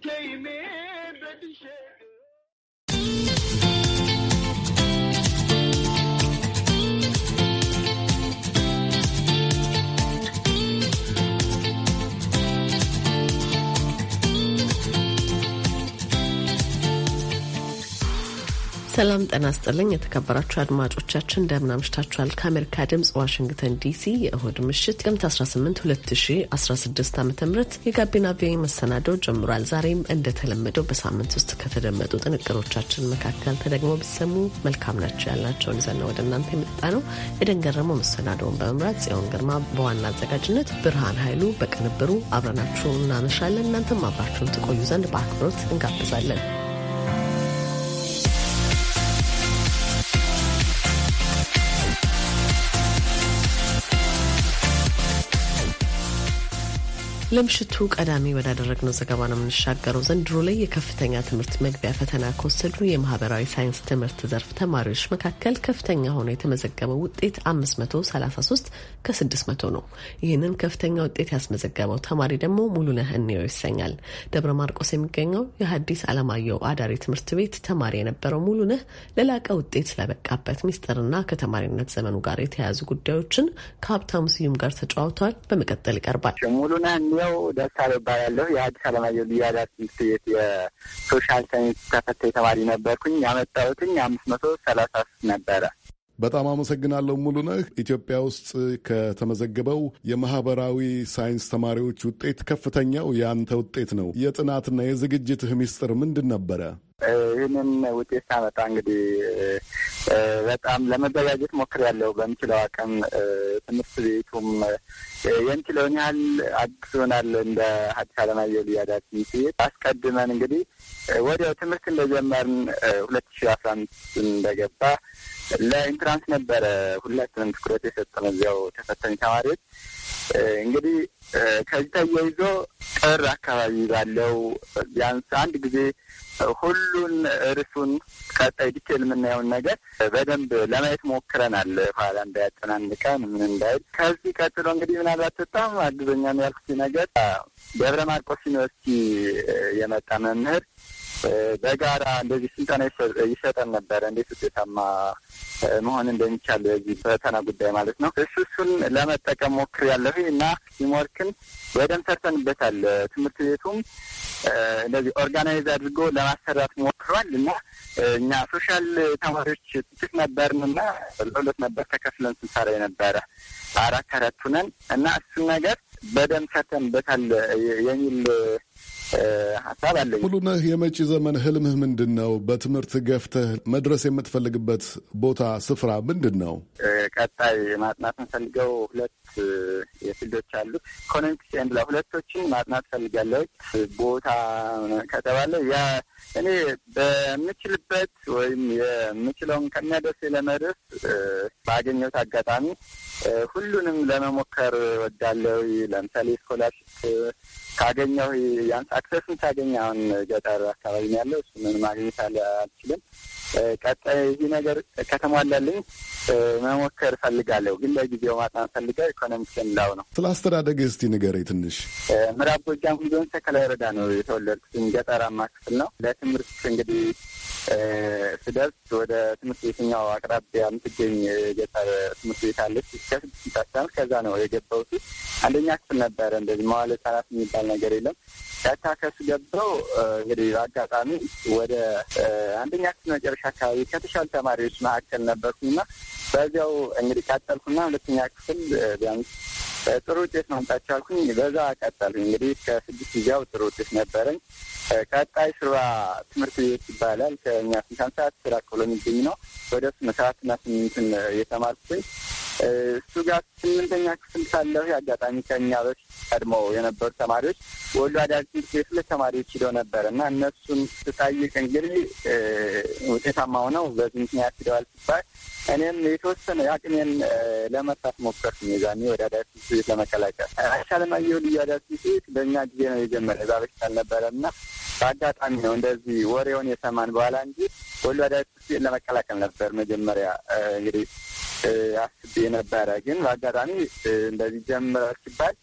came in bedişe ሰላም ጤና ስጥልኝ። የተከበራችሁ አድማጮቻችን እንደምን አምሽታችኋል። ከአሜሪካ ድምጽ ዋሽንግተን ዲሲ የእሁድ ምሽት ጥቅምት 18 2016 ዓ ም የጋቢና ቪ መሰናዶው ጀምሯል። ዛሬም እንደተለመደው በሳምንት ውስጥ ከተደመጡ ጥንቅሮቻችን መካከል ተደግሞ ቢሰሙ መልካም ናቸው ያልናቸውን ይዘና ወደ እናንተ የመጣ ነው። የደንገረመው መሰናዶውን በመምራት ጽዮን ግርማ፣ በዋና አዘጋጅነት ብርሃን ኃይሉ፣ በቅንብሩ አብረናችሁ እናመሻለን። እናንተም አብራችሁን ትቆዩ ዘንድ በአክብሮት እንጋብዛለን። ለምሽቱ ቀዳሚ ወዳደረግነው ዘገባ ነው የምንሻገረው። ዘንድሮ ላይ የከፍተኛ ትምህርት መግቢያ ፈተና ከወሰዱ የማህበራዊ ሳይንስ ትምህርት ዘርፍ ተማሪዎች መካከል ከፍተኛ ሆኖ የተመዘገበው ውጤት 533 ከ600 ነው። ይህንን ከፍተኛ ውጤት ያስመዘገበው ተማሪ ደግሞ ሙሉነህ እንየው ይሰኛል። ደብረ ማርቆስ የሚገኘው የሀዲስ አለማየሁ አዳሪ ትምህርት ቤት ተማሪ የነበረው ሙሉነህ ለላቀ ውጤት ስለበቃበት ሚስጥርና ከተማሪነት ዘመኑ ጋር የተያያዙ ጉዳዮችን ከሀብታሙ ስዩም ጋር ተጫውቷል። በመቀጠል ይቀርባል። ያለው ደስታለው እባላለሁ። የሀዲስ አለማየሁ ልዩ ትምህርት ቤት የሶሻል ሳይንስ ተፈታ ተማሪ ነበርኩኝ። ያመጣሁትኝ አምስት መቶ ሰላሳ ሶስት ነበረ። በጣም አመሰግናለሁ ሙሉ ነህ። ኢትዮጵያ ውስጥ ከተመዘገበው የማህበራዊ ሳይንስ ተማሪዎች ውጤት ከፍተኛው የአንተ ውጤት ነው። የጥናትና የዝግጅትህ ሚስጥር ምንድን ነበረ? ይህንን ውጤት ሳመጣ እንግዲህ በጣም ለመዘጋጀት ሞክሬያለሁ። በምችለው አቅም ትምህርት ቤቱም የምችለውን ያህል አግሶናል። እንደ ሐዲስ ዓለማየሁ ልያዳ ትምህርት ቤት አስቀድመን እንግዲህ ወዲያው ትምህርት እንደጀመርን ሁለት ሺ አስራ አምስት እንደገባ ለኢንትራንስ ነበረ ሁላችንም ትኩረት የሰጠነው እዚያው ተፈተኝ ተማሪዎች እንግዲህ ከዚህ ተያይዞ ጥር አካባቢ ባለው ቢያንስ አንድ ጊዜ ሁሉን እርሱን ቀጣይ ዲቴል የምናየውን ነገር በደንብ ለማየት ሞክረናል። ኋላ እንዳያጨናንቀን ምን እንዳይል። ከዚህ ቀጥሎ እንግዲህ ምናልባት በጣም አግዘኛ ያልኩት ነገር ደብረ ማርቆስ ዩኒቨርሲቲ የመጣ መምህር በጋራ እንደዚህ ስልጠና ይሰጠን ነበረ፣ እንዴት ውጤታማ መሆን እንደሚቻል በዚህ ፈተና ጉዳይ ማለት ነው። እሱ እሱን ለመጠቀም ሞክር ያለሁ እና ቲምወርክን በደንብ ሰርተንበታል። ትምህርት ቤቱም እንደዚህ ኦርጋናይዝ አድርጎ ለማሰራት ሞክሯል እና እኛ ሶሻል ተማሪዎች ጥቂት ነበርን እና ለሁለት ነበር ተከፍለን ስንሰራ የነበረ አራት አራት እና እሱን ነገር በደንብ ሰርተንበታል የሚል ሀሳብ አለ። ሙሉነህ፣ የመጪ ዘመን ህልምህ ምንድን ነው? በትምህርት ገፍተህ መድረስ የምትፈልግበት ቦታ ስፍራ ምንድን ነው? ቀጣይ ማጥናት ንፈልገው ሁለት የፊልዶች አሉ። ኢኮኖሚክስ ኤንድ ሁለቶችን ማጥናት ፈልጋለች ቦታ ከተባለ ያ እኔ በምችልበት ወይም የምችለውን ከሚያደርስ ለመድረስ ባገኘሁት አጋጣሚ ሁሉንም ለመሞከር ወዳለው ለምሳሌ ስኮላርሽፕ ካገኘው ያንስ አክሰሱን ካገኘ አሁን ገጠር አካባቢ ነው ያለው እሱ ምን ማግኘት አልችልም። ቀጣይ ይህ ነገር ከተሟላልኝ መሞከር ፈልጋለሁ፣ ግን ለጊዜው ማጥናት ፈልጋ ኢኮኖሚክስን ላው ነው። ስለ አስተዳደግ እስቲ ንገረኝ ትንሽ። ምዕራብ ጎጃም ሁዞን ሰከላ ወረዳ ነው የተወለድኩት። ገጠራማ ክፍል ነው። ለትምህርት እንግዲህ ስደርስ ወደ ትምህርት ቤትኛው አቅራቢያ የምትገኝ የገጠር ትምህርት ቤት አለች። እስከ ስድስት ከዛ ነው የገባሁት። አንደኛ ክፍል ነበረ። እንደዚህ መዋለ ሰራት የሚባል ነገር የለም። ያካ ከሱ ገብተው እንግዲህ አጋጣሚ ወደ አንደኛ ክፍል መጨረሻ አካባቢ ከተሻሉ ተማሪዎች መካከል ነበርኩኝና በዚያው እንግዲህ ቀጠልኩና ሁለተኛ ክፍል ቢያንስ ጥሩ ውጤት ማምጣት ቻልኩኝ። በዛ ቀጠል እንግዲህ ከስድስት ጊዜያው ጥሩ ውጤት ነበረኝ። ቀጣይ ስራ ትምህርት ቤት ይባላል። ከእኛ ስንት ሰዓት ስራ ክብሎ የሚገኝ ነው። ወደ እሱ ሰዓትና ስምንትን የተማርኩኝ እሱ ጋር ስምንተኛ ክፍል ሳለሁ አጋጣሚ ከኛ በፊት ቀድሞ የነበሩ ተማሪዎች ወሎ አዳሪ ትምህርት ቤት ሁለት ተማሪዎች ሂደው ነበር እና እነሱን ስጠይቅ እንግዲህ ውጤታማ ሆነው በዚህ ምክንያት ሂደዋል ሲባል እኔም የተወሰነ አቅሜን ለመርታት ሞከርኩ። የዛኔ ወደ አዳሲ ቤት ለመቀላቀል አይሻ አለማየሁ ልዩ አዳሲ ቤት በእኛ ጊዜ ነው የጀመረ። እዛ በሽታ አልነበረም እና በአጋጣሚ ነው እንደዚህ ወሬውን የሰማን በኋላ እንጂ ወሎ አዳሲ ቤት ለመቀላቀል ነበር መጀመሪያ እንግዲህ አስቤ ነበረ። ግን በአጋጣሚ እንደዚህ ጀምረ ሲባል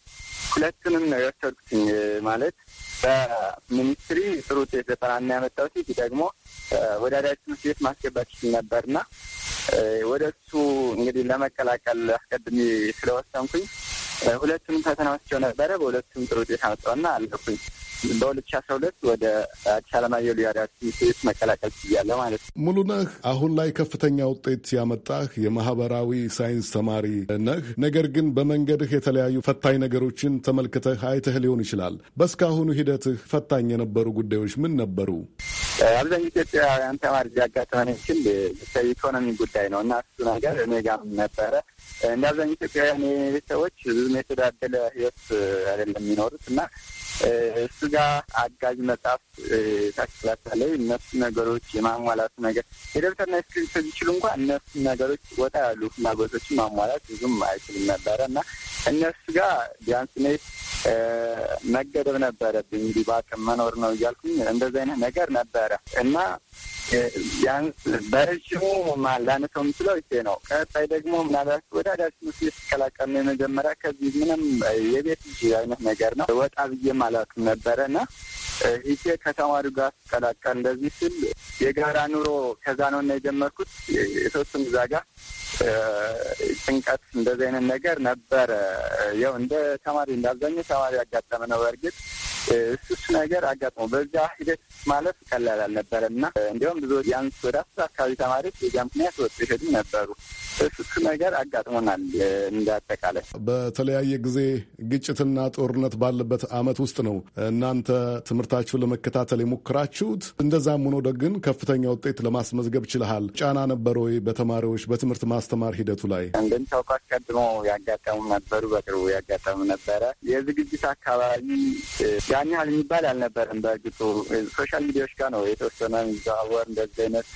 ሁለቱንም ነው የወሰድኩትኝ ማለት በሚኒስትሪ ጥሩ ውጤት ዘጠናና ያመጣው ሴት ደግሞ ወደ አዳሲ ቤት ማስገባት ይችል ነበርና ወደ እሱ እንግዲህ ለመቀላቀል አስቀድሜ ስለወሰንኩኝ ሁለቱም ፈተናዎቸው ነበረ። በሁለቱም ጥሩ ውጤት አመጣሁና አለፍኩኝ። በሁለት ሺ አስራ ሁለት ወደ አዲስ አለማየሁ ልዩ አዳሪ ትምህርት ቤት መቀላቀል ችያለሁ ማለት ነው። ሙሉ ነህ አሁን ላይ ከፍተኛ ውጤት ያመጣህ የማህበራዊ ሳይንስ ተማሪ ነህ። ነገር ግን በመንገድህ የተለያዩ ፈታኝ ነገሮችን ተመልክተህ አይተህ ሊሆን ይችላል። በእስካሁኑ ሂደትህ ፈታኝ የነበሩ ጉዳዮች ምን ነበሩ? አብዛኛው ኢትዮጵያውያን ተማሪ ያጋጠመን ይችል የኢኮኖሚ ጉዳይ ነው እና እሱ ነገር እኔ ጋርም ነበረ እንደ አብዛኛው ኢትዮጵያውያን ቤተሰቦች ብዙ ብዙም የተዳደለ ህይወት አይደለም የሚኖሩት እና እሱ ጋር አጋዥ መጽሐፍ ታች እነሱ ነገሮች የማሟላቱ ነገር የደብተርና ስክሪፕት ቢችሉ እንኳ እነሱ ነገሮች ወጣ ያሉ ፍላጎቶችን ማሟላት ብዙም አይችልም ነበረ እና እነሱ ጋር ቢያንስ እኔ መገደብ ነበረብኝ። እንዲህ በአቅም መኖር ነው እያልኩኝ እንደዚህ አይነት ነገር ነበረ እና ቢያንስ በረዥሙ ላነሰው የምችለው ይቼ ነው። ቀጣይ ደግሞ ምናልባት ወደ አዳሽ ሙስ ተቀላቀል የመጀመሪያ ከዚህ ምንም የቤት ልጅ አይነት ነገር ነው። ወጣ ብዬም አላውቅም ነበረ እና ይቼ ከተማሪው ጋር ስቀላቀል እንደዚህ ስል የጋራ ኑሮ ከዛ ነው እና የጀመርኩት የተወሰኑ እዛ ጋር ጭንቀት፣ እንደዚህ አይነት ነገር ነበረ። ያው እንደ ተማሪ እንደ ተማሪ ያጋጠመ ነው። በእርግጥ እሱስ ነገር አጋጥሞ በዚያ ሂደት ማለት ቀላል አልነበረ እና እንዲሁም ብዙ ቢያንስ ወደ አስር አካባቢ ተማሪዎች በዛ ምክንያት ወጡ ይሄዱ ነበሩ። እሱስ ነገር አጋጥሞናል። እንደ በተለያየ ጊዜ ግጭትና ጦርነት ባለበት አመት ውስጥ ነው እናንተ ትምህርታችሁን ለመከታተል የሞክራችሁት። እንደዛም ሆኖ ግን ከፍተኛ ውጤት ለማስመዝገብ ችልሃል። ጫና ነበረ ወይ በተማሪዎች በትምህርት በማስተማር ሂደቱ ላይ እንደምታውቀው አስቀድሞ ያጋጠሙ ነበሩ፣ በቅርቡ ያጋጠሙ ነበረ። የዝግጅት አካባቢ ያን ያህል የሚባል አልነበረም። በእርግጡ ሶሻል ሚዲያዎች ጋር ነው የተወሰነ የሚዘዋወር እንደዚህ አይነት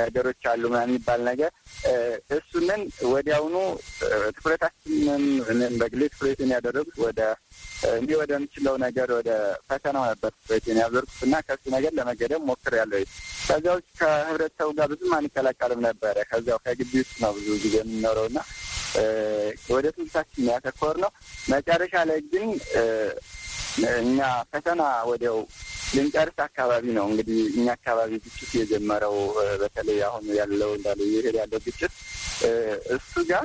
ነገሮች አሉ ምናምን የሚባል ነገር እሱንን ወዲያውኑ ትኩረታችንን በግሌ ትኩረትን ያደረጉት ወደ እንዲህ ወደ ምችለው ነገር ወደ ፈተናው ነበር ቤቴን ያዞርኩት እና ከሱ ነገር ለመገደብ ሞክር ሞክሬያለሁ። ከዚያ ውጭ ከህብረተሰቡ ጋር ብዙም አንቀላቀልም ነበረ። ከዚያው ከግቢ ውስጥ ነው ብዙ ጊዜ የምንኖረው እና ወደ ትምህርታችን ያተኮር ነው። መጨረሻ ላይ ግን እኛ ፈተና ወዲያው ልንጨርስ አካባቢ ነው እንግዲህ እኛ አካባቢ ግጭት የጀመረው በተለይ አሁን ያለው እንዳለ ይሄድ ያለው ግጭት እሱ ጋር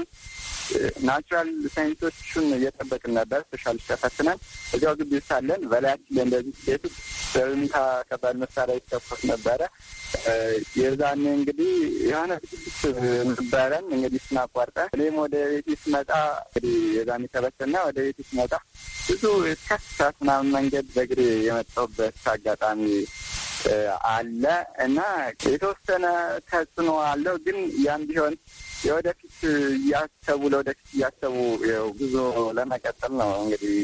ናቹራል ሳይንሶቹን እየጠበቅን ነበር። ስፔሻል ሲያሳስናል እዚያው ግቢ ሳለን በላያችን እንደዚህ ቤት ውስጥ በብምታ ከባድ መሳሪያ ይተኮስ ነበረ። የዛኔ እንግዲህ የሆነ ዝግጅት ነበረን። እንግዲህ ስናቋርጠ እኔም ወደ ቤት ስመጣ እንግዲህ የዛኔ ተበትና ወደ ቤት ስመጣ ብዙ ከስሳት ምናምን መንገድ በእግሬ የመጣሁበት አጋጣሚ አለ እና የተወሰነ ተጽዕኖ አለው። ግን ያም ቢሆን የወደፊት እያሰቡ ለወደፊት እያሰቡ ጉዞ ለመቀጠል ነው እንግዲህ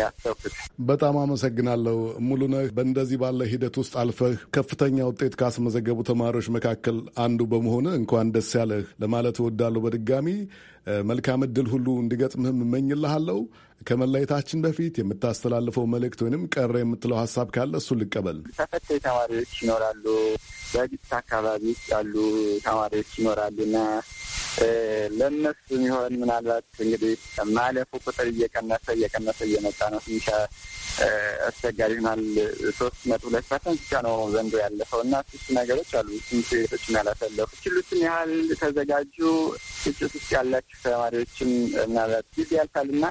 ያሰብኩት። በጣም አመሰግናለሁ ሙሉነህ። በእንደዚህ ባለ ሂደት ውስጥ አልፈህ ከፍተኛ ውጤት ካስመዘገቡ ተማሪዎች መካከል አንዱ በመሆን እንኳን ደስ ያለህ ለማለት እወዳለሁ። በድጋሚ መልካም እድል ሁሉ እንዲገጥምህም እመኝልሃለሁ። ከመለየታችን በፊት የምታስተላልፈው መልእክት ወይንም ቀረ የምትለው ሀሳብ ካለ እሱ ልቀበል። ተፈታኝ ተማሪዎች ይኖራሉ፣ በግጭት አካባቢ ውስጥ ያሉ ተማሪዎች ይኖራሉና ለእነሱ የሚሆን ምናልባት እንግዲህ ማለፉ ቁጥር እየቀነሰ እየቀነሰ እየመጣ ነው። ትንሽ አስቸጋሪ ይሆናል። ሶስት ነጥብ ሁለት ፐርሰንት ብቻ ነው ዘንዶ ያለፈው እና ስስ ነገሮች አሉ። ስንት ቤቶችም ያላሳለፉ ችሉትን ያህል ተዘጋጁ። ግጭት ውስጥ ያላችሁ ተማሪዎችም ምናልባት ጊዜ ያልፋል እና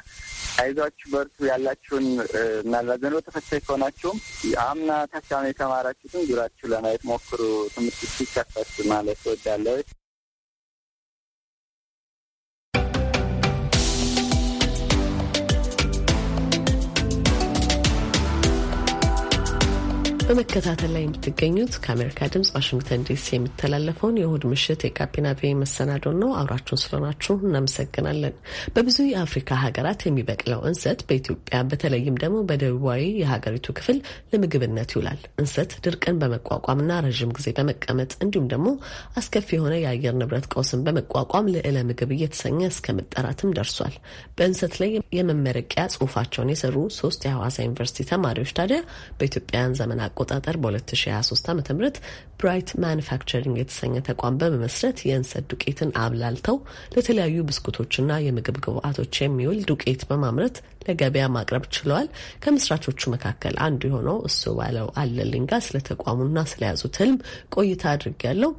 አይዟችሁ በርቱ ያላችሁን ምናልባት ዘንድሮ ተፈታኝ ከሆናችሁም አምና ታካሚ የተማራችሁትን ዙራችሁ ለማየት ሞክሩ። ትምህርት ሲከፈት ማለት ወዳለች በመከታተል ላይ የምትገኙት ከአሜሪካ ድምጽ ዋሽንግተን ዲሲ የሚተላለፈውን የእሁድ ምሽት የጋቢና መሰናዶ ነው። አብራችሁን ስለሆናችሁ እናመሰግናለን። በብዙ የአፍሪካ ሀገራት የሚበቅለው እንሰት በኢትዮጵያ በተለይም ደግሞ በደቡባዊ የሀገሪቱ ክፍል ለምግብነት ይውላል። እንሰት ድርቅን በመቋቋምና ረዥም ጊዜ በመቀመጥ እንዲሁም ደግሞ አስከፊ የሆነ የአየር ንብረት ቀውስን በመቋቋም ልዕለ ምግብ እየተሰኘ እስከ መጠራትም ደርሷል። በእንሰት ላይ የመመረቂያ ጽሁፋቸውን የሰሩ ሶስት የሐዋሳ ዩኒቨርሲቲ ተማሪዎች ታዲያ በኢትዮጵያውያን ዘመን አቆጣጠር በ2023 ዓ ም ብራይት ማኑፋክቸሪንግ የተሰኘ ተቋም በመመስረት የእንሰት ዱቄትን አብላልተው ለተለያዩ ብስኩቶችና የምግብ ግብአቶች የሚውል ዱቄት በማምረት ለገበያ ማቅረብ ችለዋል። ከምስራቾቹ መካከል አንዱ የሆነው እሱ ባለው አለልኝ ጋር ስለ ተቋሙና ስለያዙት ህልም ቆይታ አድርጌያለሁ።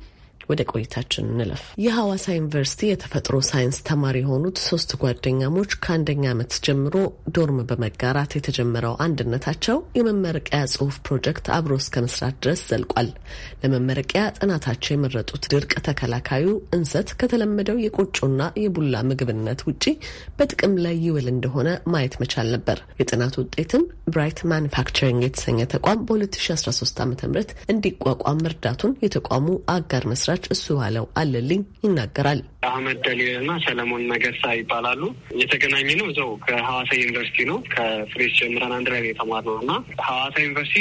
ወደ ቆይታችን እንለፍ። የሐዋሳ ዩኒቨርሲቲ የተፈጥሮ ሳይንስ ተማሪ የሆኑት ሶስት ጓደኛሞች ከአንደኛ ዓመት ጀምሮ ዶርም በመጋራት የተጀመረው አንድነታቸው የመመረቂያ ጽሑፍ ፕሮጀክት አብሮ እስከ መስራት ድረስ ዘልቋል። ለመመረቂያ ጥናታቸው የመረጡት ድርቅ ተከላካዩ እንሰት ከተለመደው የቆጮና የቡላ ምግብነት ውጪ በጥቅም ላይ ይውል እንደሆነ ማየት መቻል ነበር። የጥናት ውጤትም ብራይት ማኒፋክቸሪንግ የተሰኘ ተቋም በ2013 ዓ ም እንዲቋቋም መርዳቱን የተቋሙ አጋር መስራች መስራች እሱ ባለው አለልኝ ይናገራል። አህመድ ደሊል ሰለሞን ነገሳ ይባላሉ። የተገናኘ ነው እዛው ከሀዋሳ ዩኒቨርሲቲ ነው። ከፍሬስ ጀምረን አንድ ላይ ነው የተማርነው እና ሀዋሳ ዩኒቨርሲቲ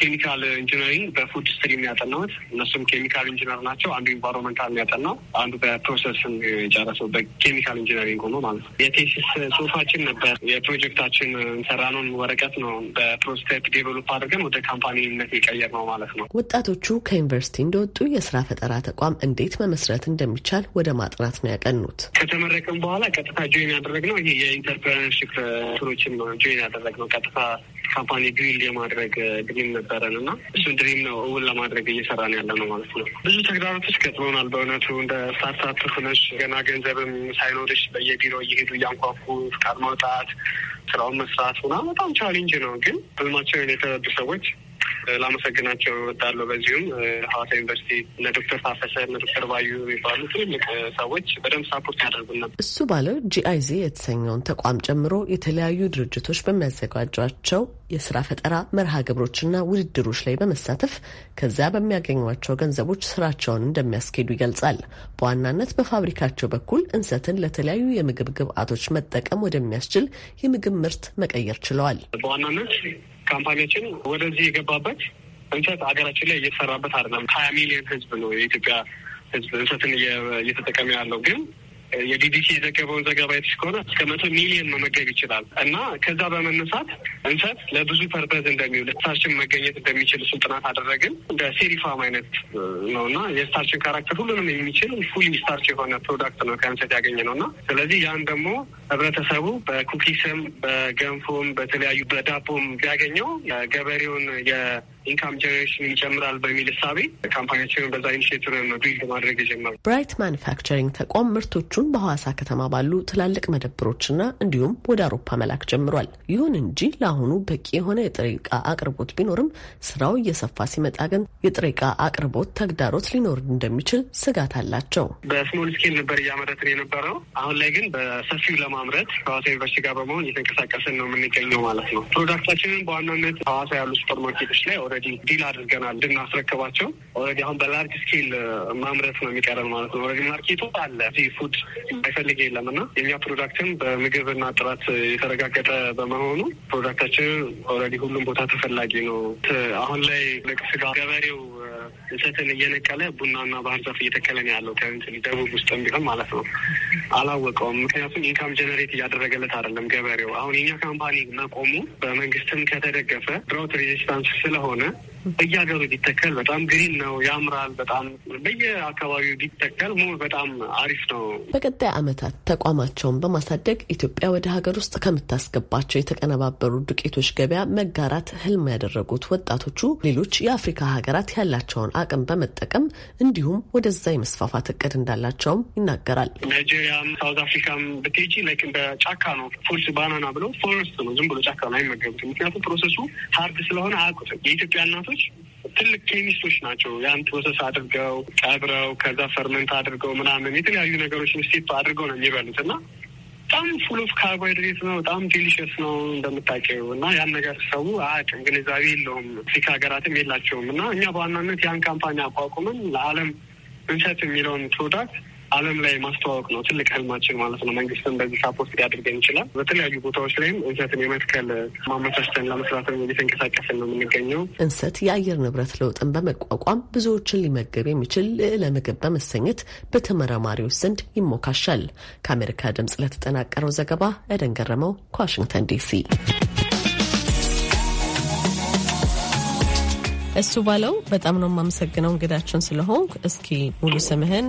ኬሚካል ኢንጂነሪንግ በፉድ ስትሪም ያጠናሁት። እነሱም ኬሚካል ኢንጂነር ናቸው። አንዱ ኢንቫይሮንመንታል ያጠናው፣ አንዱ በፕሮሰስ የጨረሰው በኬሚካል ኢንጂነሪንግ ሆኖ ማለት ነው። የቴሲስ ጽሁፋችን ነበር። የፕሮጀክታችን እንሰራነውን ወረቀት ነው በፕሮስታይፕ ዴቨሎፕ አድርገን ወደ ካምፓኒነት የቀየር ነው ማለት ነው። ወጣቶቹ ከዩኒቨርሲቲ እንደወጡ የስራ ፈጠራ ተቋም እንዴት መመስረት እንደሚቻል ወደ ማጥናት ነው ያቀኑት። ከተመረቅም በኋላ ቀጥታ ጆይን ያደረግነው ይሄ የኢንተርፕረነርሺፕ ቱሮችን ነው ጆይን ያደረግነው። ቀጥታ ካምፓኒ ቢውል የማድረግ ድሪም ነበረን እና እሱ ድሪም ነው እውን ለማድረግ እየሰራን ያለ ነው ማለት ነው። ብዙ ተግዳሮቶች ገጥመናል በእውነቱ እንደ ስታርታፕ ሆነሽ ገና ገንዘብም ሳይኖርሽ በየቢሮ እየሄዱ እያንኳኩ ፍቃድ ማውጣት ስራውን መስራት ሆና በጣም ቻሌንጅ ነው። ግን ህልማቸውን የተረዱ ሰዎች ላመሰግናቸው እወዳለሁ። በዚሁም ሀዋሳ ዩኒቨርሲቲ እነ ዶክተር ታፈሰ እነ ዶክተር ባዩ የሚባሉ ትልልቅ ሰዎች በደንብ ሳፖርት ያደርጉን ነበር። እሱ ባለው ጂአይዚ የተሰኘውን ተቋም ጨምሮ የተለያዩ ድርጅቶች በሚያዘጋጇቸው የስራ ፈጠራ መርሃ ግብሮችና ውድድሮች ላይ በመሳተፍ ከዚያ በሚያገኟቸው ገንዘቦች ስራቸውን እንደሚያስኬዱ ይገልጻል። በዋናነት በፋብሪካቸው በኩል እንሰትን ለተለያዩ የምግብ ግብአቶች መጠቀም ወደሚያስችል የምግብ ምርት መቀየር ችለዋል። በዋናነት ካምፓኒያችን ወደዚህ የገባበት እንሰት ሀገራችን ላይ እየተሰራበት አይደለም። ሀያ ሚሊዮን ህዝብ ነው የኢትዮጵያ ህዝብ እንሰትን እየተጠቀመ ያለው ግን የቢቢሲ የዘገበውን ዘገባ የትሽ ከሆነ እስከ መቶ ሚሊዮን መመገብ ይችላል እና ከዛ በመነሳት እንሰት ለብዙ ፐርፐዝ እንደሚውል ስታርችን መገኘት እንደሚችል ስልጥናት አደረግን። እንደ ሴሪፋም አይነት ነው እና የስታርችን ካራክተር ሁሉንም የሚችል ፉሊ ስታርች የሆነ ፕሮዳክት ነው ከእንሰት ያገኘ ነው እና ስለዚህ ያን ደግሞ ህብረተሰቡ በኩኪስም፣ በገንፎም፣ በተለያዩ በዳቦም ቢያገኘው ገበሬውን ኢንካም ጀኔሬሽን ይጨምራል በሚል እሳቤ ካምፓኒያቸውን በዛ ኢኒሽቲቭ ቢልድ ማድረግ የጀመሩ ብራይት ማኒፋክቸሪንግ ተቋም ምርቶቹን በሐዋሳ ከተማ ባሉ ትላልቅ መደብሮችና እንዲሁም ወደ አውሮፓ መላክ ጀምሯል። ይሁን እንጂ ለአሁኑ በቂ የሆነ የጥሬ እቃ አቅርቦት ቢኖርም ስራው እየሰፋ ሲመጣ ግን የጥሬ እቃ አቅርቦት ተግዳሮት ሊኖር እንደሚችል ስጋት አላቸው። በስሞል ስኬል ነበር እያመረትን የነበረው። አሁን ላይ ግን በሰፊው ለማምረት ከሐዋሳ ዩኒቨርሲቲ ጋር በመሆን እየተንቀሳቀስን ነው የምንገኘው ማለት ነው። ፕሮዳክታችንን በዋናነት ሐዋሳ ያሉ ሱፐርማርኬቶች ላይ ኦልሬዲ ዲል አድርገናል እንድናስረክባቸው። ኦልሬዲ አሁን በላርጅ ስኬል uh, ማምረት ነው የሚቀረን ማለት ነው። ማርኬቱ አለ፣ ፉድ አይፈልግ የለም እና የኛ ፕሮዳክትም በምግብና ጥራት የተረጋገጠ በመሆኑ ፕሮዳክታችን ኦልሬዲ ሁሉም ቦታ ተፈላጊ ነው። አሁን ላይ ልቅ ስጋ ገበሬው እንሰትን እየነቀለ ቡናና ባህር ዛፍ እየተከለ ነው ያለው። ከእንትን ደቡብ ውስጥም ቢሆን ማለት ነው። አላወቀውም። ምክንያቱም ኢንካም ጀነሬት እያደረገለት አይደለም ገበሬው። አሁን የኛ ካምፓኒ መቆሙ በመንግስትም ከተደገፈ ድሮት ሬዚስታንስ ስለሆነ በየሀገሩ ቢተከል በጣም ግሪን ነው፣ ያምራል። በጣም በየአካባቢው ቢተከል ሙ በጣም አሪፍ ነው። በቀጣይ ዓመታት ተቋማቸውን በማሳደግ ኢትዮጵያ ወደ ሀገር ውስጥ ከምታስገባቸው የተቀነባበሩ ዱቄቶች ገበያ መጋራት ህልም ያደረጉት ወጣቶቹ ሌሎች የአፍሪካ ሀገራት ያላቸውን አቅም በመጠቀም እንዲሁም ወደዛ የመስፋፋት እቅድ እንዳላቸውም ይናገራል። ናይጄሪያም ሳውት አፍሪካም ብትሄጂ ላይክ እንደ ጫካ ነው። ፎልስ ባናና ብለው ፎረስት ነው፣ ዝም ብሎ ጫካ ነው አይመገቡትም። ምክንያቱም ፕሮሰሱ ሀርድ ስለሆነ አያውቁትም። የኢትዮጵያ እናቶች ሰዎች ትልቅ ኬሚስቶች ናቸው። ያን ፕሮሰስ አድርገው ቀብረው ከዛ ፈርመንት አድርገው ምናምን የተለያዩ ነገሮችን ስቴፕ አድርገው ነው የሚበሉት እና በጣም ፉል ኦፍ ካርቦሃይድሬት ነው። በጣም ዴሊሸስ ነው እንደምታውቂው እና ያን ነገር ሰው አያውቅም፣ ግንዛቤ የለውም። አፍሪካ ሀገራትም የላቸውም እና እኛ በዋናነት ያን ካምፓኒ አቋቁመን ለዓለም እንሰት የሚለውን ፕሮዳክት ዓለም ላይ ማስተዋወቅ ነው ትልቅ ህልማችን ማለት ነው። መንግስትን በዚህ ሳፖርት ሊያደርገን ይችላል። በተለያዩ ቦታዎች ላይም እንሰትን የመትከል ማመቻችተን ለመስራት እየተንቀሳቀስን ነው የምንገኘው። እንሰት የአየር ንብረት ለውጥን በመቋቋም ብዙዎችን ሊመገብ የሚችል ልዕለ ምግብ በመሰኘት በተመራማሪዎች ዘንድ ይሞካሻል። ከአሜሪካ ድምጽ ለተጠናቀረው ዘገባ ኤደን ገረመው ከዋሽንግተን ዲሲ። እሱ ባለው በጣም ነው የማመሰግነው እንግዳችን ስለሆንክ። እስኪ ሙሉ ስምህን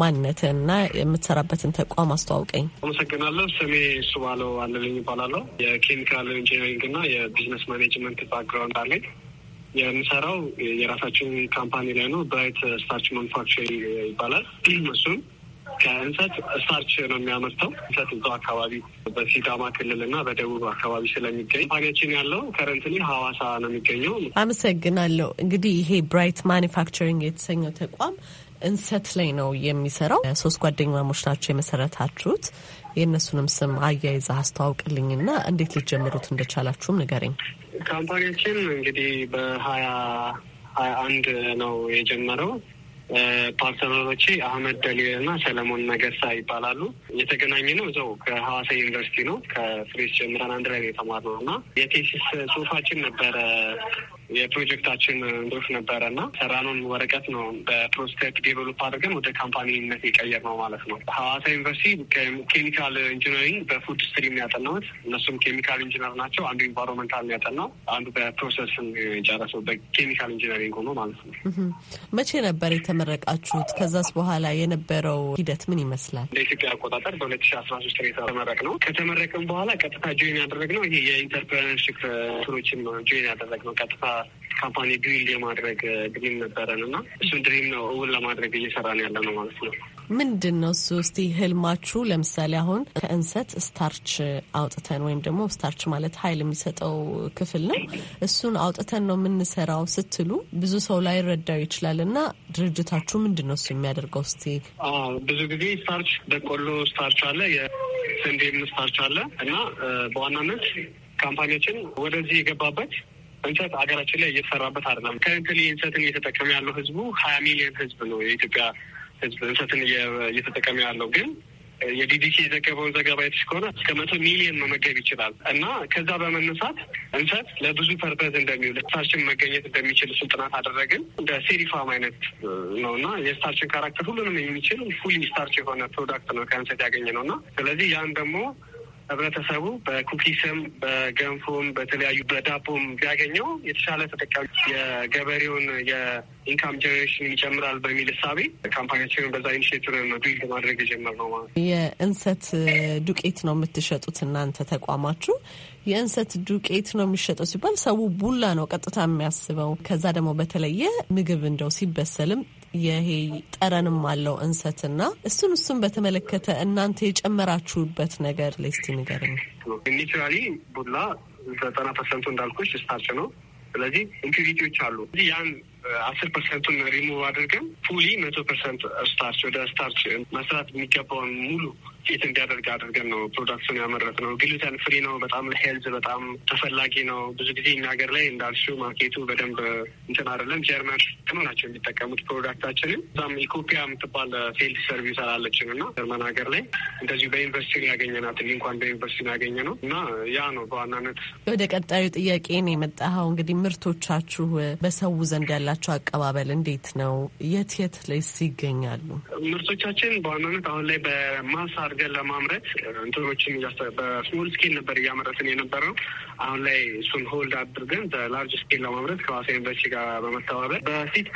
ማንነትንና የምትሰራበትን ተቋም አስተዋውቀኝ። አመሰግናለሁ። ስሜ እሱ ባለው አለልኝ ይባላለሁ። የኬሚካል ኢንጂኒሪንግ እና የቢዝነስ ማኔጅመንት ባክግራውንድ አለኝ። የምሰራው የራሳችን ካምፓኒ ላይ ነው። ብራይት ስታርች ማኑፋክቸሪንግ ይባላል። እሱም ከእንሰት ስታርች ነው የሚያመርተው። እንሰት እዛው አካባቢ በሲዳማ ክልል እና በደቡብ አካባቢ ስለሚገኝ ካምፓኒያችን ያለው ከረንትሊ ሀዋሳ ነው የሚገኘው። አመሰግናለሁ። እንግዲህ ይሄ ብራይት ማኒፋክቸሪንግ የተሰኘው ተቋም እንሰት ላይ ነው የሚሰራው። ሶስት ጓደኛሞች ናቸው የመሰረታችሁት። የእነሱንም ስም አያይዘህ አስተዋውቅልኝና እንዴት ሊጀምሩት እንደቻላችሁም ንገረኝ። ካምፓኒያችን እንግዲህ በሀያ ሀያ አንድ ነው የጀመረው። ፓርትነሮቼ አህመድ ደሊልና ሰለሞን ነገሳ ይባላሉ። የተገናኘ ነው እዛው ከሀዋሳ ዩኒቨርሲቲ ነው። ከፍሬስ ጀምረን አንድ ላይ የተማርነው እና የቴሲስ ጽሁፋችን ነበረ የፕሮጀክታችን እንዶሽ ነበረ እና ሰራነውን ወረቀት ነው በፕሮስፔክት ዴቨሎፕ አድርገን ወደ ካምፓኒነት የቀየር ነው ማለት ነው። ሀዋሳ ዩኒቨርሲቲ ኬሚካል ኢንጂነሪንግ በፉድ ስትሪም ያጠናሁት፣ እነሱም ኬሚካል ኢንጂነር ናቸው። አንዱ ኢንቫይሮመንታል ያጠናው፣ አንዱ በፕሮሰስ የጨረሰው በኬሚካል ኢንጂነሪንግ ሆኖ ማለት ነው። መቼ ነበር የተመረቃችሁት? ከዛስ በኋላ የነበረው ሂደት ምን ይመስላል? ለኢትዮጵያ አቆጣጠር በሁለት ሺ አስራ ሶስት የተመረቅ ነው። ከተመረቅም በኋላ ቀጥታ ጆይን ያደረግነው ይሄ የኢንተርፕረነርሽፕ ሮችን ጆይን ያደረግነው ቀጥታ ካምፓኒ ቢልድ የማድረግ ድሪም ነበረን እና እሱን ድሪም ነው እውን ለማድረግ እየሰራን ያለ ነው ማለት ነው። ምንድን ነው እሱ እስቲ ህልማችሁ? ለምሳሌ አሁን ከእንሰት ስታርች አውጥተን ወይም ደግሞ ስታርች ማለት ኃይል የሚሰጠው ክፍል ነው። እሱን አውጥተን ነው የምንሰራው ስትሉ ብዙ ሰው ላይ ረዳው ይችላል እና ድርጅታችሁ ምንድን ነው እሱ የሚያደርገው? እስቲ ብዙ ጊዜ ስታርች በቆሎ ስታርች አለ፣ የስንዴም ስታርች አለ እና በዋናነት ካምፓኒዎችን ወደዚህ የገባበት እንሰት ሀገራችን ላይ እየተሰራበት አይደለም። ከንትል እንሰትን እየተጠቀመ ያለው ህዝቡ ሀያ ሚሊዮን ህዝብ ነው። የኢትዮጵያ ህዝብ እንሰትን እየተጠቀመ ያለው ግን የዲዲሲ የዘገበውን ዘገባ የተሽ ከሆነ እስከ መቶ ሚሊዮን መመገብ ይችላል። እና ከዛ በመነሳት እንሰት ለብዙ ፐርፐዝ እንደሚውል ስታርችን መገኘት እንደሚችል ስልጥናት አደረግን። እንደ ሴሪፋም አይነት ነው እና የስታርችን ካራክተር ሁሉንም የሚችል ፉሊ ስታርች የሆነ ፕሮዳክት ነው ከእንሰት ያገኘ ነው እና ስለዚህ ያን ደግሞ ህብረተሰቡ በኩኪስም በገንፎም በተለያዩ በዳቦም ቢያገኘው የተሻለ ተጠቃሚ የገበሬውን የኢንካም ጀኔሬሽን ይጨምራል በሚል እሳቤ ካምፓኒያችንን በዛ ኢኒሽቲቭ ነው ማድረግ የጀመርነው ማለት ነው። የእንሰት ዱቄት ነው የምትሸጡት እናንተ ተቋማችሁ። የእንሰት ዱቄት ነው የሚሸጠው ሲባል ሰው ቡላ ነው ቀጥታ የሚያስበው። ከዛ ደግሞ በተለየ ምግብ እንደው ሲበሰልም ይሄ ጠረንም አለው እንሰትና እሱን እሱን በተመለከተ እናንተ የጨመራችሁበት ነገር ሌስቲ ነገር ነው። ኒቹራሊ ቡላ ዘጠና ፐርሰንቱ እንዳልኩሽ ስታርች ነው። ስለዚህ ኢምፒሪቲዎች አሉ። ያን አስር ፐርሰንቱን ሪሙቭ አድርገን ፉሊ መቶ ፐርሰንት ስታርች ወደ ስታርች መስራት የሚገባውን ሙሉ ፊት እንዲያደርግ አድርገን ነው ፕሮዳክቱን ያመረት ነው። ግሉተን ፍሪ ነው። በጣም ሄልዝ በጣም ተፈላጊ ነው። ብዙ ጊዜ እኛ ሀገር ላይ እንዳልሹ ማርኬቱ በደንብ እንትን አይደለም። ጀርመን ቅም ናቸው የሚጠቀሙት ፕሮዳክታችንም። እዛም ኢኮፒያ የምትባል ፌልድ ሰርቪስ አላለችን እና ጀርመን ሀገር ላይ እንደዚሁ በዩኒቨርሲቲ ያገኘናት እንኳን በዩኒቨርሲቲ ያገኘ ነው እና ያ ነው በዋናነት ወደ ቀጣዩ ጥያቄ ነው የመጣኸው። እንግዲህ ምርቶቻችሁ በሰው ዘንድ ያላቸው አቀባበል እንዴት ነው? የት የት ላይ ይገኛሉ ምርቶቻችን? በዋናነት አሁን ላይ በማሳር አድርገን ለማምረት እንትኖችን በስሞል ስኬል ነበር እያመረትን የነበረው። አሁን ላይ እሱን ሆልድ አድርገን በላርጅ ስኬል ለማምረት ከሀዋሳ ዩኒቨርሲቲ ጋር በመተባበር በፊት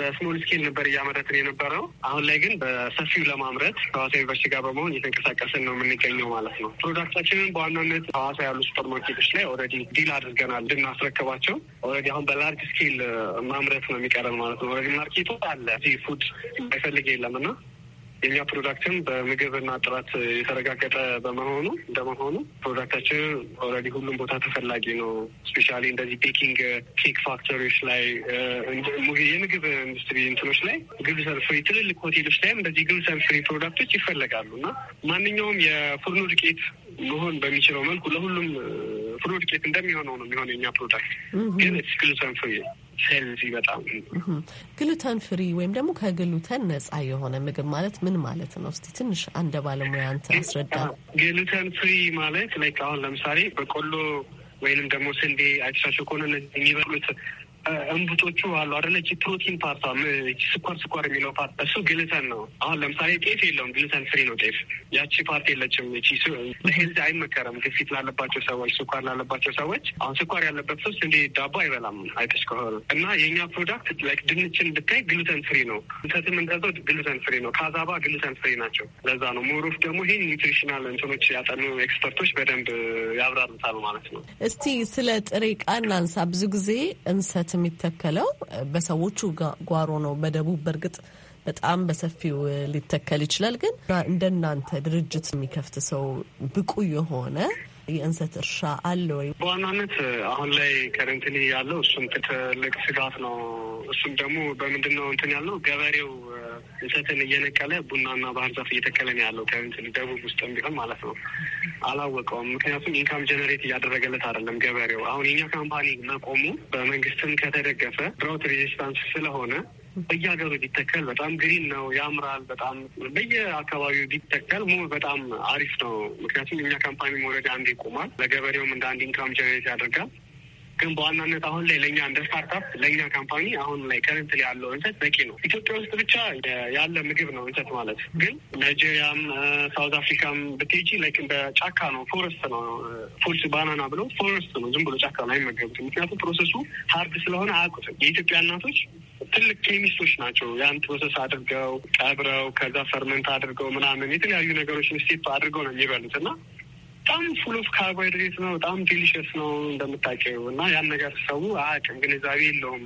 በስሞል ስኬል ነበር እያመረትን የነበረው። አሁን ላይ ግን በሰፊው ለማምረት ከሀዋሳ ዩኒቨርሲቲ ጋር በመሆን እየተንቀሳቀስን ነው የምንገኘው ማለት ነው። ፕሮዳክታችንን በዋናነት ሀዋሳ ያሉ ሱፐር ማርኬቶች ላይ ኦልሬዲ ዲል አድርገናል እንድናስረክባቸው። ኦልሬዲ አሁን በላርጅ ስኬል ማምረት ነው የሚቀረን ማለት ነው። ኦልሬዲ ማርኬቱ አለ። ፉድ አይፈልግ የለም እና የኛ ፕሮዳክትም በምግብና ጥራት የተረጋገጠ በመሆኑ እንደመሆኑ ፕሮዳክታችን ኦልሬዲ ሁሉም ቦታ ተፈላጊ ነው። ስፔሻሊ እንደዚህ ቤኪንግ ኬክ ፋክተሪዎች ላይ የምግብ ኢንዱስትሪ እንትኖች ላይ ግሉተን ፍሪ ትልልቅ ሆቴሎች ላይም እንደዚህ ግሉተን ፍሪ ፕሮዳክቶች ይፈለጋሉ እና ማንኛውም የፉርኖ ዱቄት መሆን በሚችለው መልኩ ለሁሉም ፍርኖ ዱቄት እንደሚሆነው ነው የሚሆን የኛ ፕሮዳክት ግን ግሉተን ፍሪ ሄልዚ በጣም ግሉተን ፍሪ ወይም ደግሞ ከግሉተን ነጻ የሆነ ምግብ ማለት ምን ማለት ነው? እስቲ ትንሽ አንደ ባለሙያ እንትን አስረዳ። ግሉተን ፍሪ ማለት ላይክ አሁን ለምሳሌ በቆሎ ወይንም ደግሞ ስንዴ አይተሻቸው ከሆነ የሚበሉት እንቡቶቹ አሉ አደለ እቺ ፕሮቲን ፓርቷ ስኳር ስኳር የሚለው ፓርት እሱ ግልተን ነው። አሁን ለምሳሌ ጤፍ የለውም፣ ግልተን ፍሪ ነው ጤፍ። ያቺ ፓርት የለችም። እቺ ለሄልዝ አይመከረም፣ ግፊት ላለባቸው ሰዎች፣ ስኳር ላለባቸው ሰዎች። አሁን ስኳር ያለበት ሰው እንደ ዳቦ አይበላም፣ አይተሽ ከሆነ እና የእኛ ፕሮዳክት ላይክ ድንችን ብታይ ግልተን ፍሪ ነው። እንሰትም እንደዛው ግልተን ፍሪ ነው። ካዛባ ግልተን ፍሪ ናቸው። ለዛ ነው ምሩፍ ደግሞ ይህን ኒትሪሽናል እንትኖች ያጠኑ ኤክስፐርቶች በደንብ ያብራሩታል ማለት ነው። እስቲ ስለ ጥሬ ዕቃ እናንሳ። ብዙ ጊዜ እንሰትም የሚተከለው በሰዎቹ ጓሮ ነው። በደቡብ በእርግጥ በጣም በሰፊው ሊተከል ይችላል። ግን እንደናንተ ድርጅት የሚከፍት ሰው ብቁ የሆነ የእንሰት እርሻ አለ ወይ? በዋናነት አሁን ላይ ከረንትሊ ያለው እሱም ትልቅ ስጋት ነው። እሱም ደግሞ በምንድን ነው እንትን ያለው ገበሬው እንሰትን እየነቀለ ቡናና ባህር ዛፍ እየተከለ ነው ያለው። ከእንትን ደቡብ ውስጥም ቢሆን ማለት ነው። አላወቀውም። ምክንያቱም ኢንካም ጀነሬት እያደረገለት አይደለም ገበሬው። አሁን የኛ ካምፓኒ መቆሙ በመንግስትም ከተደገፈ ድራውት ሬዚስታንስ ስለሆነ በየሀገሩ ቢተከል በጣም ግሪን ነው፣ ያምራል። በጣም በየአካባቢው ቢተከል ሙ በጣም አሪፍ ነው። ምክንያቱም የኛ ካምፓኒ ወረዳ አንድ ይቆማል፣ ለገበሬውም እንደ አንድ ኢንካም ጀነሬት ያደርጋል። ግን በዋናነት አሁን ላይ ለእኛ እንደ ስታርታፕ ለእኛ ካምፓኒ አሁን ላይ ከረንት ላይ ያለው እንሰት በቂ ነው። ኢትዮጵያ ውስጥ ብቻ ያለ ምግብ ነው እንሰት ማለት ግን ናይጄሪያም ሳውዝ አፍሪካም ብትሄጂ ላይክ እንደ ጫካ ነው፣ ፎረስት ነው። ፉልስ ባናና ብሎ ፎረስት ነው፣ ዝም ብሎ ጫካ ነው። አይመገቡትም። ምክንያቱም ፕሮሰሱ ሀርድ ስለሆነ አያውቁትም። የኢትዮጵያ እናቶች ትልቅ ኬሚስቶች ናቸው። ያን ፕሮሰስ አድርገው ቀብረው ከዛ ፈርመንት አድርገው ምናምን የተለያዩ ነገሮችን ስቴፕ አድርገው ነው የሚበሉት እና በጣም ፉል ኦፍ ካርቦሃይድሬት ነው። በጣም ዴሊሽስ ነው እንደምታውቂው። እና ያን ነገር ሰው አያውቅም፣ ግንዛቤ የለውም።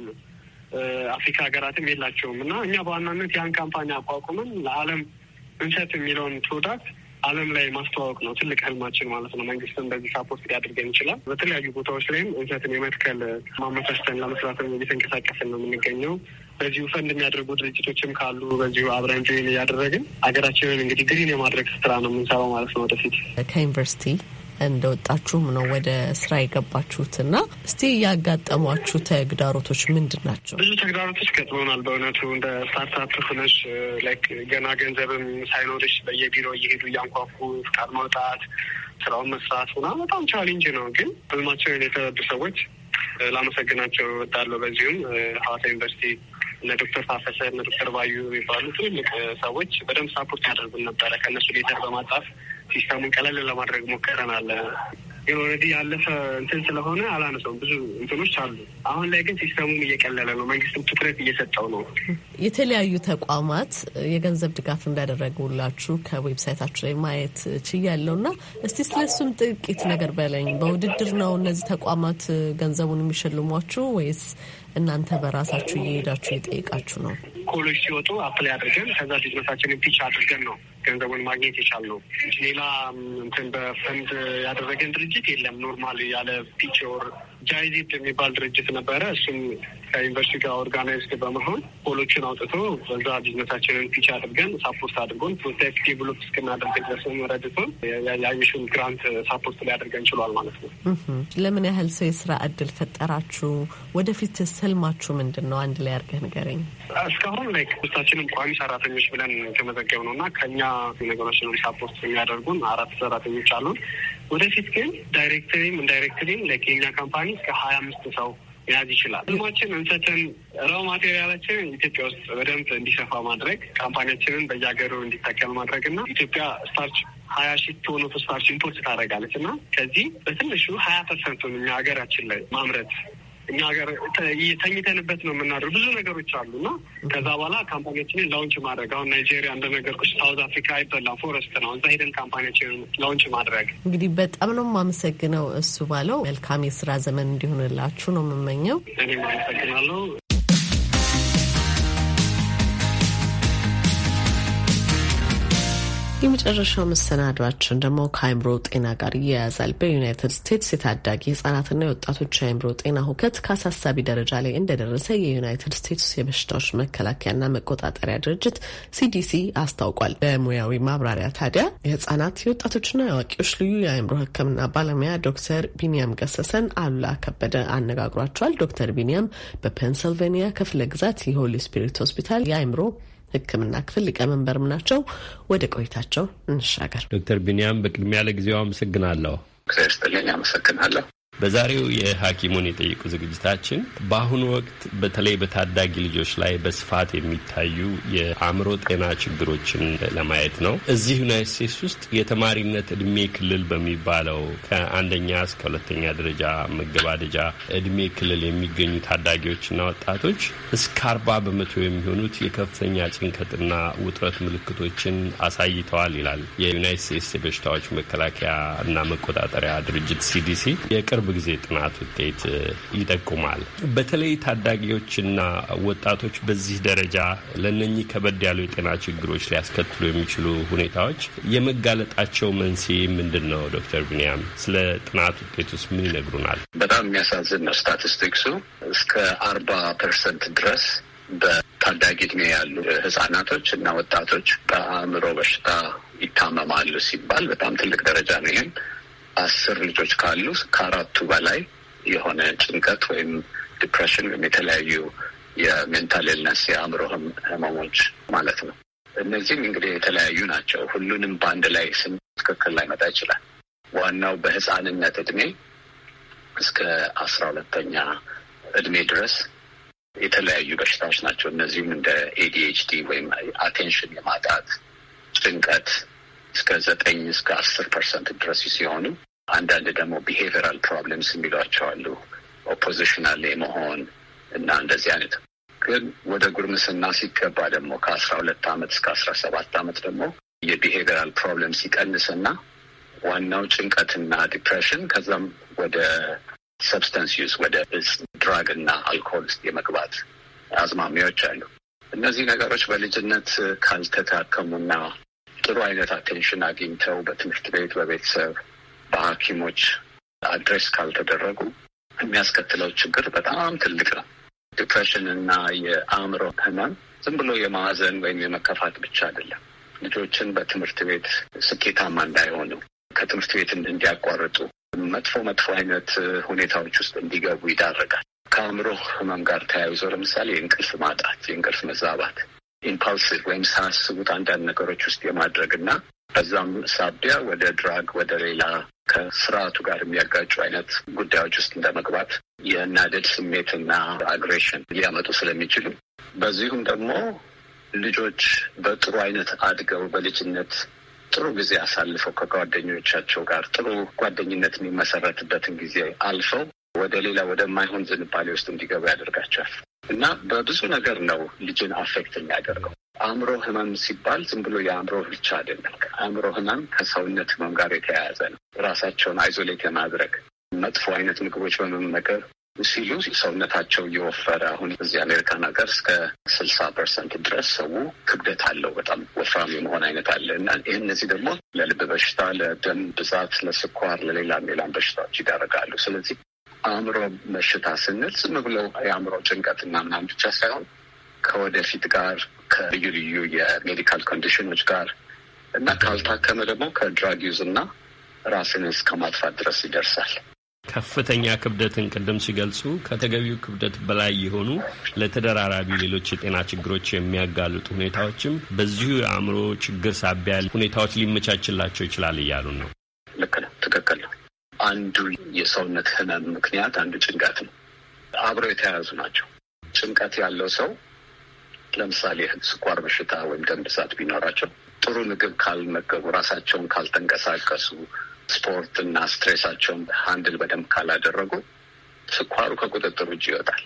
አፍሪካ ሀገራትም የላቸውም። እና እኛ በዋናነት ያን ካምፓኒ አቋቁመን ለዓለም እንሰት የሚለውን ፕሮዳክት ዓለም ላይ ማስተዋወቅ ነው ትልቅ ህልማችን ማለት ነው። መንግስት እንደዚህ ሳፖርት ሊያደርገን ይችላል። በተለያዩ ቦታዎች ላይም እንሰትን የመትከል ማመቻችተን ለመስራት እየተንቀሳቀስን ነው የምንገኘው። በዚሁ ፈንድ የሚያደርጉ ድርጅቶችም ካሉ በዚሁ አብረን ጆይን እያደረግን ሀገራችንን እንግዲህ ግሪን የማድረግ ስራ ነው የምንሰራው ማለት ነው። ወደፊት ከዩኒቨርሲቲ እንደወጣችሁም ነው ወደ ስራ የገባችሁት እና እስቲ ያጋጠሟችሁ ተግዳሮቶች ምንድን ናቸው? ብዙ ተግዳሮቶች ገጥመናል። በእውነቱ እንደ ስታርታፕ ሆነች ላይክ ገና ገንዘብም ሳይኖርሽ በየቢሮ እየሄዱ እያንኳኩ ፍቃድ ማውጣት፣ ስራውን መስራት ሆና በጣም ቻሌንጅ ነው። ግን ህልማቸውን የተረዱ ሰዎች ላመሰግናቸው እወዳለሁ። በዚሁም ሀዋሳ ዩኒቨርሲቲ እነ ዶክተር ታፈሰ እነ ዶክተር ባዩ የሚባሉ ትልልቅ ሰዎች በደንብ ሳፖርት ያደርጉን ነበረ። ከእነሱ ሌተር በማጣፍ ሲስተሙን ቀለል ለማድረግ ሞክረናል። ግን ኦልሬዲ ያለፈ እንትን ስለሆነ አላነሰውም። ብዙ እንትኖች አሉ። አሁን ላይ ግን ሲስተሙም እየቀለለ ነው፣ መንግስትም ትኩረት እየሰጠው ነው። የተለያዩ ተቋማት የገንዘብ ድጋፍ እንዳደረጉላችሁ ከዌብሳይታችሁ ላይ ማየት ችያለሁ እና እስቲ ስለሱም ጥቂት ነገር በለኝ። በውድድር ነው እነዚህ ተቋማት ገንዘቡን የሚሸልሟችሁ ወይስ እናንተ በራሳችሁ እየሄዳችሁ የጠየቃችሁ ነው? ኮሌጅ ሲወጡ አፕላይ አድርገን ከዛ ቢዝነሳችንን ፒች አድርገን ነው ገንዘቡን ማግኘት የቻልነው። ሌላ እንትን በፈንድ ያደረገን ድርጅት የለም። ኖርማል ያለ ፒች ወር ጃይዚፕ የሚባል ድርጅት ነበረ። እሱም ከዩኒቨርሲቲ ጋር ኦርጋናይዝድ በመሆን ፖሎችን አውጥቶ በዛ ቢዝነሳችንን ፒች አድርገን ሳፖርት አድርጎን ፕሮቴክት ዴቨሎፕ እስክናደርግ ድረስ ረድቶን የአይሚሽን ግራንት ሳፖርት ሊያደርገን ችሏል ማለት ነው። ለምን ያህል ሰው የስራ እድል ፈጠራችሁ? ወደፊት ስልማችሁ ምንድን ነው? አንድ ላይ አድርገህ ንገረኝ። እስካሁን ነው። ላይክ ውስታችንም ቋሚ ሰራተኞች ብለን የተመዘገብ ነው እና ከኛ ነገሮችን ሳፖርት የሚያደርጉን አራት ሰራተኞች አሉን። ወደፊት ግን ዳይሬክተሪም ላይክ የኛ ካምፓኒ እስከ ሀያ አምስት ሰው ያዝ ይችላል። ህልማችን እንሰትን ራው ማቴሪያላችን ኢትዮጵያ ውስጥ በደንብ እንዲሰፋ ማድረግ ካምፓኒያችንን በየሀገሩ እንዲተከል ማድረግ እና ኢትዮጵያ ስታርች ሀያ ሺህ ቶኖ ስታርች ኢምፖርት ታደርጋለች እና ከዚህ በትንሹ ሀያ ፐርሰንቱን እኛ ሀገራችን ላይ ማምረት እኛ ሀገር ተኝተንበት ነው የምናደርገው። ብዙ ነገሮች አሉ እና ከዛ በኋላ ካምፓኒያችንን ላውንች ማድረግ አሁን ናይጄሪያ እንደነገርኩሽ፣ ሳውዝ አፍሪካ አይበላም ፎረስት ነው። እዛ ሄደን ካምፓኒያችንን ላውንች ማድረግ እንግዲህ በጣም ነው የማመሰግነው። እሱ ባለው መልካም የስራ ዘመን እንዲሆንላችሁ ነው የምመኘው። እኔም አመሰግናለሁ። የመጨረሻው መሰናዷችን ደግሞ ከአይምሮ ጤና ጋር ይያያዛል። በዩናይትድ ስቴትስ የታዳጊ ህጻናትና የወጣቶች የአይምሮ ጤና ሁከት ከአሳሳቢ ደረጃ ላይ እንደደረሰ የዩናይትድ ስቴትስ የበሽታዎች መከላከያና መቆጣጠሪያ ድርጅት ሲዲሲ አስታውቋል። በሙያዊ ማብራሪያ ታዲያ የህጻናት የወጣቶችና የአዋቂዎች ልዩ የአይምሮ ህክምና ባለሙያ ዶክተር ቢኒያም ገሰሰን አሉላ ከበደ አነጋግሯቸዋል። ዶክተር ቢኒያም በፔንሰልቬኒያ ክፍለ ግዛት የሆሊ ስፒሪት ሆስፒታል የአይምሮ ሕክምና ክፍል ሊቀመንበርም ናቸው። ወደ ቆይታቸው እንሻገር። ዶክተር ቢንያም በቅድሚያ ለጊዜው አመሰግናለሁ። ክስተልኝ አመሰግናለሁ። በዛሬው የሐኪሙን የጠይቁ ዝግጅታችን በአሁኑ ወቅት በተለይ በታዳጊ ልጆች ላይ በስፋት የሚታዩ የአእምሮ ጤና ችግሮችን ለማየት ነው። እዚህ ዩናይት ስቴትስ ውስጥ የተማሪነት እድሜ ክልል በሚባለው ከአንደኛ እስከ ሁለተኛ ደረጃ መገባደጃ እድሜ ክልል የሚገኙ ታዳጊዎችና ወጣቶች እስከ አርባ በመቶ የሚሆኑት የከፍተኛ ጭንቀትና ውጥረት ምልክቶችን አሳይተዋል ይላል የዩናይት ስቴትስ የበሽታዎች መከላከያ እና መቆጣጠሪያ ድርጅት ሲዲሲ የቅርብ የቅርብ ጊዜ ጥናት ውጤት ይጠቁማል። በተለይ ታዳጊዎችና ወጣቶች በዚህ ደረጃ ለእነኚህ ከበድ ያሉ የጤና ችግሮች ሊያስከትሉ የሚችሉ ሁኔታዎች የመጋለጣቸው መንስኤ ምንድን ነው? ዶክተር ብንያም ስለ ጥናት ውጤት ውስጥ ምን ይነግሩናል? በጣም የሚያሳዝን ነው። ስታቲስቲክሱ እስከ አርባ ፐርሰንት ድረስ በታዳጊ እድሜ ያሉ ህጻናቶች እና ወጣቶች በአእምሮ በሽታ ይታመማሉ ሲባል በጣም ትልቅ ደረጃ ነው። ይህም አስር ልጆች ካሉ ከአራቱ በላይ የሆነ ጭንቀት ወይም ዲፕሬሽን ወይም የተለያዩ የሜንታል ኢልነስ የአእምሮ ህመሞች ማለት ነው። እነዚህም እንግዲህ የተለያዩ ናቸው። ሁሉንም በአንድ ላይ ስም ትክክል ላይመጣ ይችላል። ዋናው በህፃንነት እድሜ እስከ አስራ ሁለተኛ እድሜ ድረስ የተለያዩ በሽታዎች ናቸው። እነዚህም እንደ ኤዲኤችዲ ወይም አቴንሽን የማጣት ጭንቀት እስከ ዘጠኝ እስከ አስር ፐርሰንት ድረስ ሲሆኑ አንዳንድ ደግሞ ቢሄቨራል ፕሮብለምስ የሚሏቸው አሉ። ኦፖዚሽናል የመሆን እና እንደዚህ አይነት ግን ወደ ጉርምስና ሲገባ ደግሞ ከአስራ ሁለት አመት እስከ አስራ ሰባት አመት ደግሞ የቢሄቨራል ፕሮብለም ሲቀንስና ዋናው ጭንቀትና ዲፕሬሽን ከዛም ወደ ሰብስተንስ ዩዝ ወደ ድራግ እና አልኮል ውስጥ የመግባት አዝማሚያዎች አሉ። እነዚህ ነገሮች በልጅነት ካልተታከሙና ጥሩ አይነት አቴንሽን አግኝተው በትምህርት ቤት፣ በቤተሰብ፣ በሐኪሞች አድሬስ ካልተደረጉ የሚያስከትለው ችግር በጣም ትልቅ ነው። ዲፕሬሽን እና የአእምሮ ህመም ዝም ብሎ የማዘን ወይም የመከፋት ብቻ አይደለም። ልጆችን በትምህርት ቤት ስኬታማ እንዳይሆኑ፣ ከትምህርት ቤት እንዲያቋርጡ፣ መጥፎ መጥፎ አይነት ሁኔታዎች ውስጥ እንዲገቡ ይዳረጋል። ከአእምሮ ህመም ጋር ተያይዞ ለምሳሌ የእንቅልፍ ማጣት፣ የእንቅልፍ መዛባት ኢምፓልሲቭ ወይም ሳያስቡት አንዳንድ ነገሮች ውስጥ የማድረግ እና በዛም ሳቢያ ወደ ድራግ ወደ ሌላ ከስርዓቱ ጋር የሚያጋጩ አይነት ጉዳዮች ውስጥ እንደመግባት የናደድ ስሜትና አግሬሽን ሊያመጡ ስለሚችሉ በዚሁም ደግሞ ልጆች በጥሩ አይነት አድገው በልጅነት ጥሩ ጊዜ አሳልፈው ከጓደኞቻቸው ጋር ጥሩ ጓደኝነት የሚመሰረትበትን ጊዜ አልፈው ወደ ሌላ ወደማይሆን ዝንባሌ ውስጥ እንዲገቡ ያደርጋቸዋል። እና በብዙ ነገር ነው ልጅን አፌክት የሚያደርገው። አእምሮ ህመም ሲባል ዝም ብሎ የአእምሮ ብቻ አይደለም። አእምሮ ህመም ከሰውነት ህመም ጋር የተያያዘ ነው። ራሳቸውን አይዞሌት የማድረግ መጥፎ አይነት ምግቦች በመመገብ ሲሉ ሰውነታቸው እየወፈረ አሁን እዚህ አሜሪካ ሀገር እስከ ስልሳ ፐርሰንት ድረስ ሰው ክብደት አለው። በጣም ወፍራም የመሆን አይነት አለ እና ይህ እነዚህ ደግሞ ለልብ በሽታ፣ ለደም ብዛት፣ ለስኳር፣ ለሌላም ሌላም በሽታዎች ይዳረጋሉ። ስለዚህ አእምሮ በሽታ ስንል ዝም ብሎ የአእምሮ ጭንቀትና ምናምን ብቻ ሳይሆን ከወደፊት ጋር ከልዩ ልዩ የሜዲካል ኮንዲሽኖች ጋር እና ካልታከመ ደግሞ ከድራግ ዩዝ እና ራስን እስከ ማጥፋት ድረስ ይደርሳል። ከፍተኛ ክብደትን ቅድም ሲገልጹ ከተገቢው ክብደት በላይ የሆኑ ለተደራራቢ ሌሎች የጤና ችግሮች የሚያጋልጡ ሁኔታዎችም በዚሁ የአእምሮ ችግር ሳቢያ ሁኔታዎች ሊመቻችላቸው ይችላል እያሉ ነው። ልክ አንዱ የሰውነት ህመም ምክንያት አንዱ ጭንቀት ነው። አብረው የተያያዙ ናቸው። ጭንቀት ያለው ሰው ለምሳሌ ስኳር በሽታ ወይም ደም ብዛት ቢኖራቸው ጥሩ ምግብ ካልመገቡ፣ ራሳቸውን ካልተንቀሳቀሱ፣ ስፖርት እና ስትሬሳቸውን ሀንድል በደንብ ካላደረጉ ስኳሩ ከቁጥጥር ውጭ ይወጣል።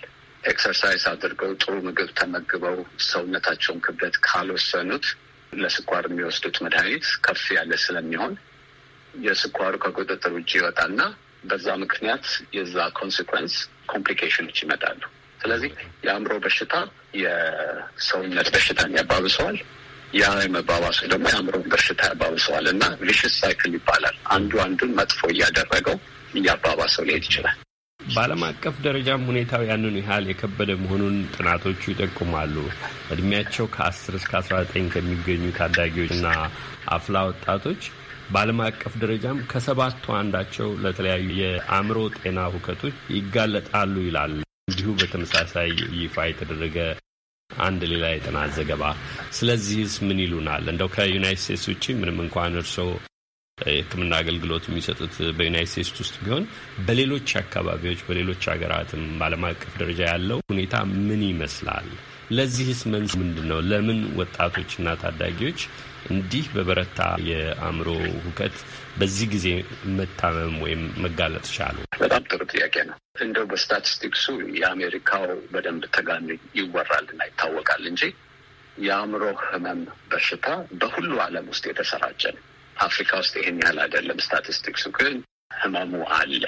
ኤክሰርሳይዝ አድርገው ጥሩ ምግብ ተመግበው ሰውነታቸውን ክብደት ካልወሰኑት ለስኳር የሚወስዱት መድኃኒት ከፍ ያለ ስለሚሆን የስኳሩ ከቁጥጥር ውጭ ይወጣና በዛ ምክንያት የዛ ኮንሲኩዌንስ ኮምፕሊኬሽኖች ይመጣሉ። ስለዚህ የአእምሮ በሽታ የሰውነት በሽታን ያባብሰዋል። ያ የመባባሱ ደግሞ የአእምሮ በሽታ ያባብሰዋል እና ቪሽስ ሳይክል ይባላል። አንዱ አንዱን መጥፎ እያደረገው እያባባሰው ሊሄድ ይችላል። በዓለም አቀፍ ደረጃም ሁኔታው ያንን ያህል የከበደ መሆኑን ጥናቶቹ ይጠቁማሉ። እድሜያቸው ከአስር እስከ አስራ ዘጠኝ ከሚገኙ ታዳጊዎችና አፍላ ወጣቶች በዓለም አቀፍ ደረጃም ከሰባቱ አንዳቸው ለተለያዩ የአእምሮ ጤና ሁከቶች ይጋለጣሉ ይላል። እንዲሁ በተመሳሳይ ይፋ የተደረገ አንድ ሌላ የጥናት ዘገባ። ስለዚህስ ምን ይሉናል? እንደው ከዩናይት ስቴትስ ውጭ ምንም እንኳን እርስዎ የሕክምና አገልግሎት የሚሰጡት በዩናይት ስቴትስ ውስጥ ቢሆን በሌሎች አካባቢዎች በሌሎች ሀገራትም በዓለም አቀፍ ደረጃ ያለው ሁኔታ ምን ይመስላል? ለዚህስ መንሱ ምንድን ነው? ለምን ወጣቶችና ታዳጊዎች እንዲህ በበረታ የአእምሮ ሁከት በዚህ ጊዜ መታመም ወይም መጋለጥ ቻሉ? በጣም ጥሩ ጥያቄ ነው። እንደው በስታቲስቲክሱ የአሜሪካው በደንብ ተጋሚ ይወራልና ይታወቃል እንጂ የአእምሮ ህመም በሽታ በሁሉ ዓለም ውስጥ የተሰራጨ ነው። አፍሪካ ውስጥ ይሄን ያህል አይደለም። ስታቲስቲክሱ ግን ህመሙ አለ።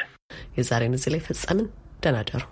የዛሬን እዚህ ላይ ፈጸምን። ደህና ደሩ።